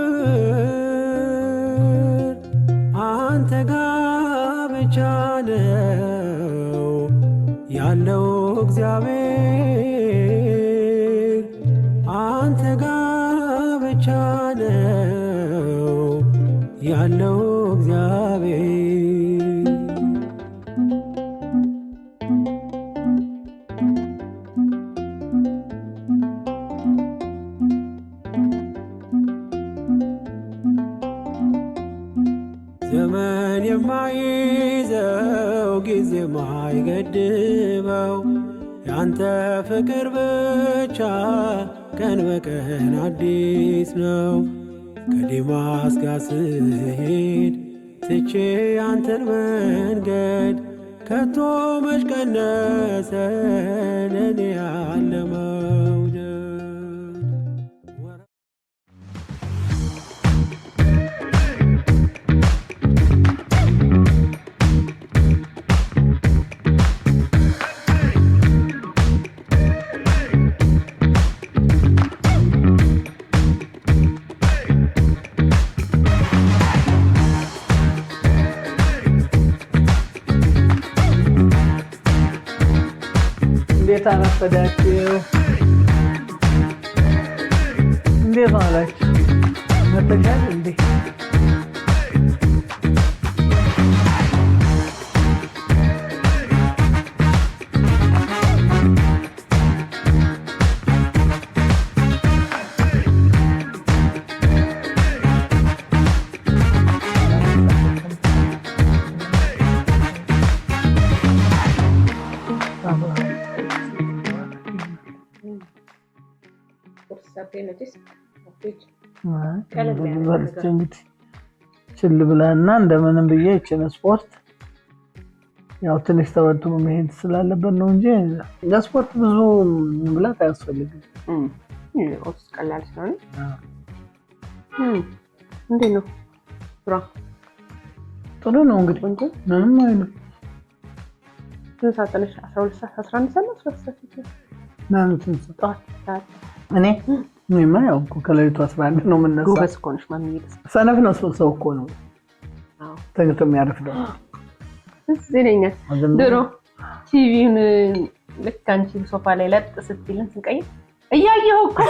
ፍቅር አንተ ጋር ብቻ ነው ያለው እግዚአብሔር አንተ ጋር ብቻ ነው ያለው የማይዘው ጊዜ ማይገድበው ያንተ ፍቅር ብቻ ቀን በቀን አዲስ ነው። ከዴማስ ጋር ስሄድ ትቼ ያንተን መንገድ ከቶ መች ቀነሰ ለኔ አለመው እንዴት አረፈዳችሁ? እንዴት ዋላችሁ? መተሻል እንዴ? እንግዲህ ችል ብለና እንደምንም ብዬ ይችን ስፖርት ያው ትንሽ ተበልቶ መሄድ ስላለበት ነው እንጂ ለስፖርት ብዙ ብላት አያስፈልግም። ኦትስ ቀላል ስለሆነ እንዴ ነው ስራ ጥሩ ነው እንግዲህ ምንም አይልም። ስንት ሰዓት ነሽ? አስራ ሁለት ሰዓት አስራ አንድ ሰዓት ነው። እኔ እኔማ ያው እኮ ከሌሊቱ አስራ አንድ ነው ሰነፍ ነው ሰው እኮ ነው ተኝቶ የሚያረፍደው። ድሮ ቲቪውን ልክ አንቺ ሶፋ ላይ ለጥ ስንቀይር እያየሁ እኮ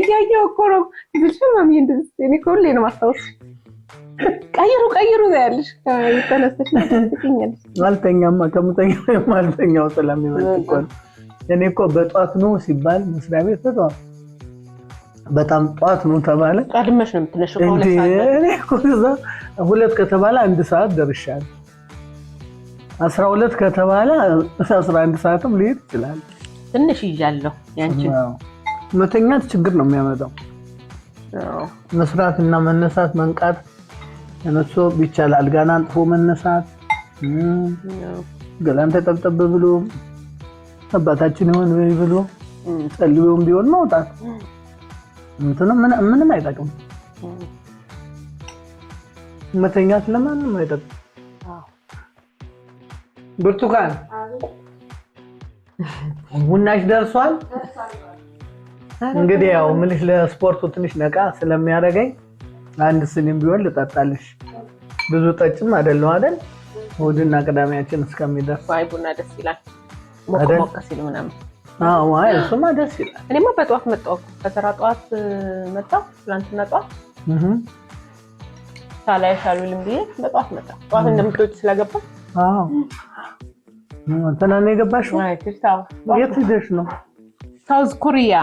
እያየሁ እኮ ነው ማሚ። እኔ ነው ማስታወስ ቀይሩ ቀይሩ ነው ያለሽ። ተነስተሽ ትኛለሽ። አልተኛማ ከምተኛ አልተኛው ስለሚመጥ እኮ ነው እኔ እኮ በጧት ነው ሲባል መስሪያ ቤት በጧት በጣም ጠዋት ነው ተባለ። ቀድመሽ ነው የምትነሽው። ሁለት ከተባለ አንድ ሰዓት ደርሻለሁ። አስራ ሁለት ከተባለ አስራ አንድ ሰዓትም ሊሄድ ይችላል። ትንሽ ይዣለሁ። ያንቺ መተኛት ችግር ነው የሚያመጣው። መስራት እና መነሳት መንቃት፣ ተነሶ ቢቻል አልጋን አንጥፎ መነሳት ገላን ተጠብጠብ ብሎ አባታችን ይሆን ወይ ብሎ ጸልዮም ቢሆን መውጣት እንትኑ ምንም አይጠቅም። መተኛት ለማንም አይጠቅም። ብርቱካን ቡናሽ ደርሷል። እንግዲህ ያው ምልሽ ለስፖርቱ ትንሽ ነቃ ስለሚያደርገኝ አንድ ስኒም ቢሆን ልጠጣልሽ። ብዙ ጠጭም አይደለም አይደል? እሑድና ቅዳሜያችን እስከሚደርስ ቡና ደስ ይላል። ሞቅ ሲል ምናምን እሱማ ደስ ይላል። እኔማ በጠዋት መጣሁ ከስራ ጠዋት መጣሁ። ትናንትና ጠዋት ሳላይሽ አልውልም ብዬ በጠዋት መጣሁ። ጠዋት እንደምትወጪ ስለገባ ነው የገባሽው። የት ሄደሽ ነው? ሳውዝ ኮሪያ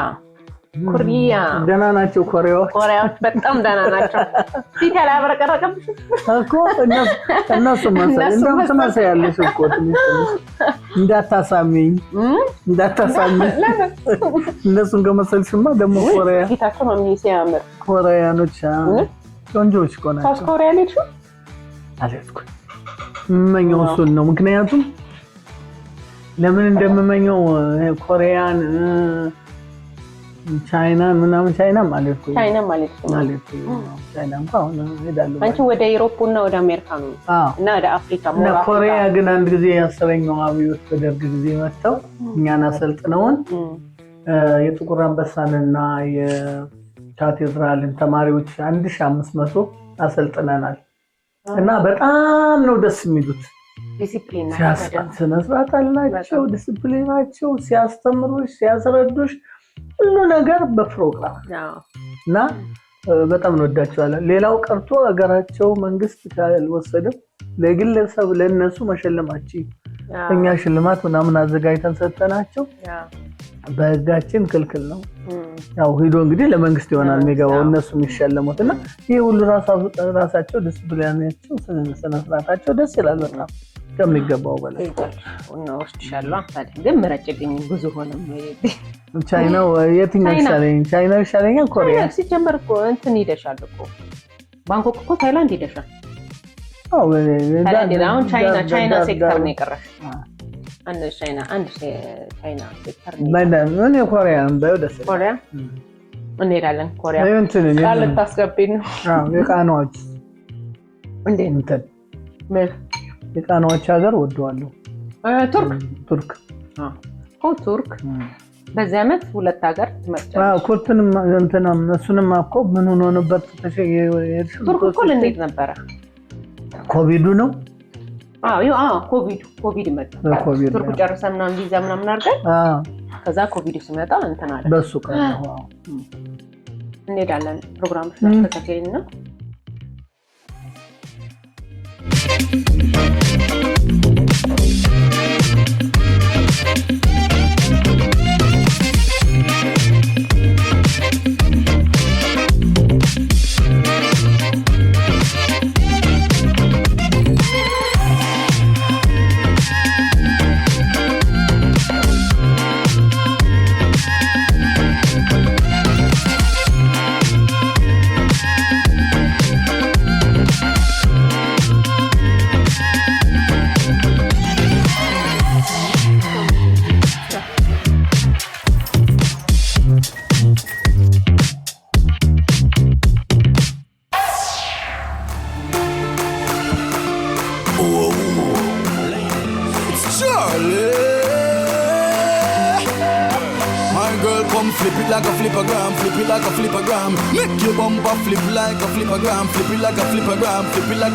ኮሪያ ደህና ናቸው። ኮሪያዎች ኮሪያዎች በጣም ደህና ናቸው። ፊት እኮ እነሱ መሰል እንደውም እኮ እንዳታሳሚኝ እንዳታሳሚኝ። እነሱን ከመሰልሽማ ደግሞ ኮሪያ ፊታቸው ነው ኮሪያኖች ቆንጆች እኮ ናቸው። ኮሪያ ልጅ አልሄድኩም። የምመኘው እሱን ነው። ምክንያቱም ለምን እንደምመኘው ኮሪያን ቻይና ምናምን ቻይናም አልሄድኩም ቻይናም አልሄድኩም ቻይና እንኳ አሁን እሄዳለሁ። አንቺ ወደ አውሮፓ እና ወደ አሜሪካ ነው እና ወደ አፍሪካ እና ኮሪያ ግን አንድ ጊዜ የአስረኛው አብዮት በደርግ ጊዜ መጥተው እኛን አሰልጥነውን የጥቁር አንበሳንና የካቴድራልን ተማሪዎች አንድ ሺህ አምስት መቶ አሰልጥነናል እና በጣም ነው ደስ የሚሉት። ስነ ስርዓት አላቸው፣ ዲስፕሊናቸው ሲያስተምሩሽ ሲያስረዱሽ ሁሉ ነገር በፕሮግራም እና በጣም እንወዳቸዋለን። ሌላው ቀርቶ ሀገራቸው መንግስት ካልወሰደም ለግለሰብ ለእነሱ መሸለማች እኛ ሽልማት ምናምን አዘጋጅተን ሰጠናቸው። በህጋችን ክልክል ነው። ያው ሂዶ እንግዲህ ለመንግስት ይሆናል የሚገባው እነሱ የሚሸለሙት እና ይህ ሁሉ ራሳቸው ዲስፕሊናቸው፣ ስነስርዓታቸው ደስ ይላል በጣም ከሚገባው በላይ እና ወስድሻለሁ። ግን ምረጭልኝ ብዙ ሆነ። ቻይና የትኛው ይሻለኝ? ቻይና ይሻለኛል። ኮሪያ ሲጀመር እኮ እንትን እኮ ባንኮክ እኮ ታይላንድ ሂደሻል። አሁን ቻይና ቻይና ሴክተር ነው የቀረሽ። አንድ ቻይና አንድ ቻይና ሴክተር ኮሪያ ኮሪያ እንሄዳለን። ኮሪያ ልታስገቢ ነው የቃናዎች እንዴ? የጣናዎች ሀገር ወደዋለሁ። ቱርክ ቱርክ ቱርክ በዚህ ዓመት ሁለት ሀገር ትመርጫለሽ? ኩርትንም እንትንም እሱንም እኮ ምን ሆኖ ነበር? ቱርክ እኮ እንዴት ነበረ? ኮቪዱ ነው። ኮቪድ ኮቪድ መጣ። ቱርክ ጨርሰ ምናምን ቪዛ ምናምን አድርገን ከዛ ኮቪድ ሲመጣ እንትን አለ። በሱ ቀን እንሄዳለን። ፕሮግራም ተከታተል ነው thank you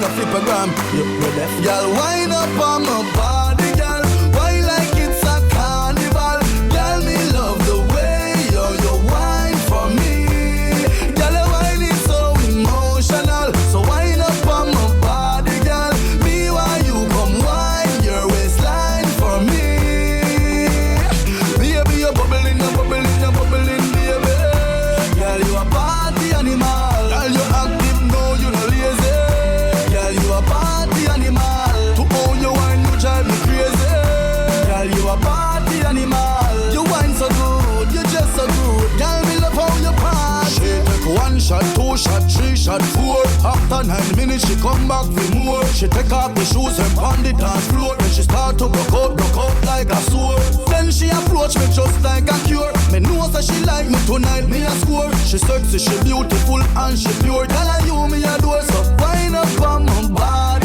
no flip a gram. are left. Girl, wind up on my body. And nine minutes, she come back for more. She take off the shoes and on the dance floor. When she start to broke out, broke out like a sword. Then she approach me just like a cure. Me know that she like me tonight, me a score. She sexy, she beautiful and she pure. Tell you me a door, so fine up on my body.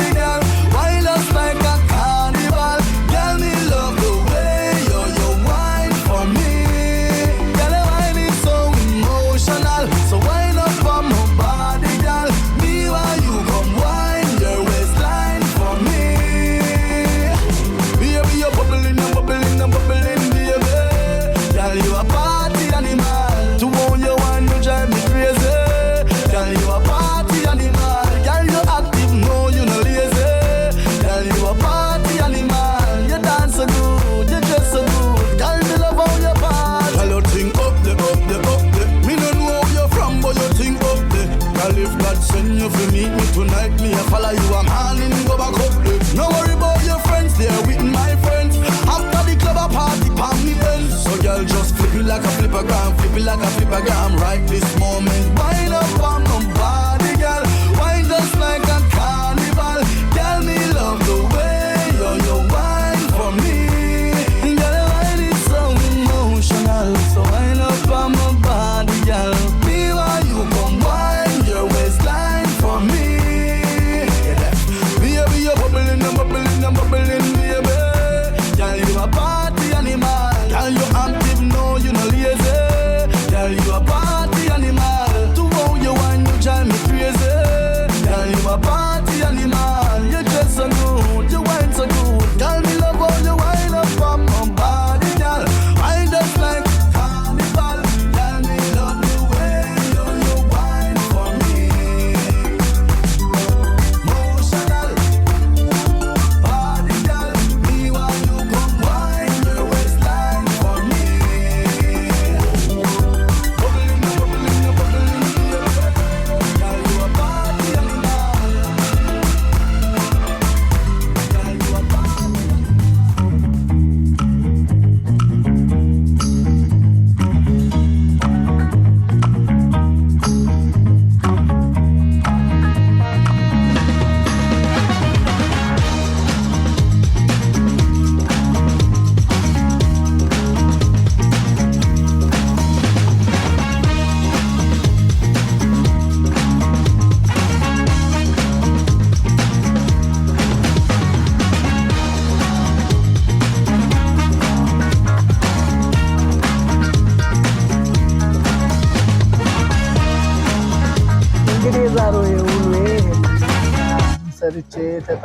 you fi meet me tonight, me a follow you. I'm all go back up. No worry about your friends, they're with my friends. After the club, I party, palm me Benz. So girl, just flip it like a flipper gram, flip it like a flipper gram. Right this moment,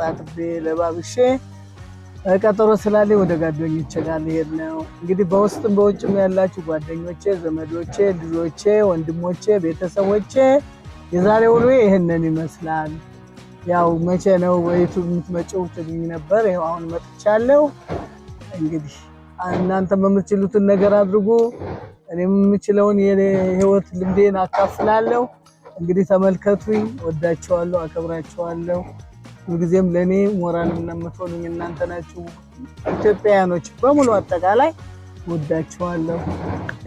ታጥቤ ለባብሼ ቀጠሮ ስላሌ ወደ ጓደኞቼ ጋር ልሄድ ነው። እንግዲህ በውስጥም በውጭም ያላችሁ ጓደኞቼ፣ ዘመዶቼ፣ ልጆቼ፣ ወንድሞቼ፣ ቤተሰቦቼ የዛሬ ውሎ ይህንን ይመስላል። ያው መቼ ነው ወይቱ የምትመጪው ትግኝ ነበር። ይኸው አሁን መጥቻለሁ። እንግዲህ እናንተም የምትችሉትን ነገር አድርጉ። እኔም የምችለውን የህይወት ልምዴን አካፍላለሁ። እንግዲህ ተመልከቱኝ። ወዳቸዋለሁ፣ አከብራቸዋለሁ። ሁልጊዜም ለእኔ ሞራል የምትሆኑኝ እናንተ ናችሁ። ኢትዮጵያውያኖች በሙሉ አጠቃላይ ወዳችኋለሁ።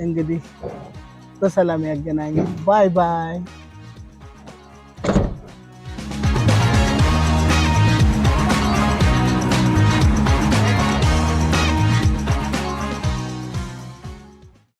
እንግዲህ በሰላም ያገናኘን። ባይ ባይ።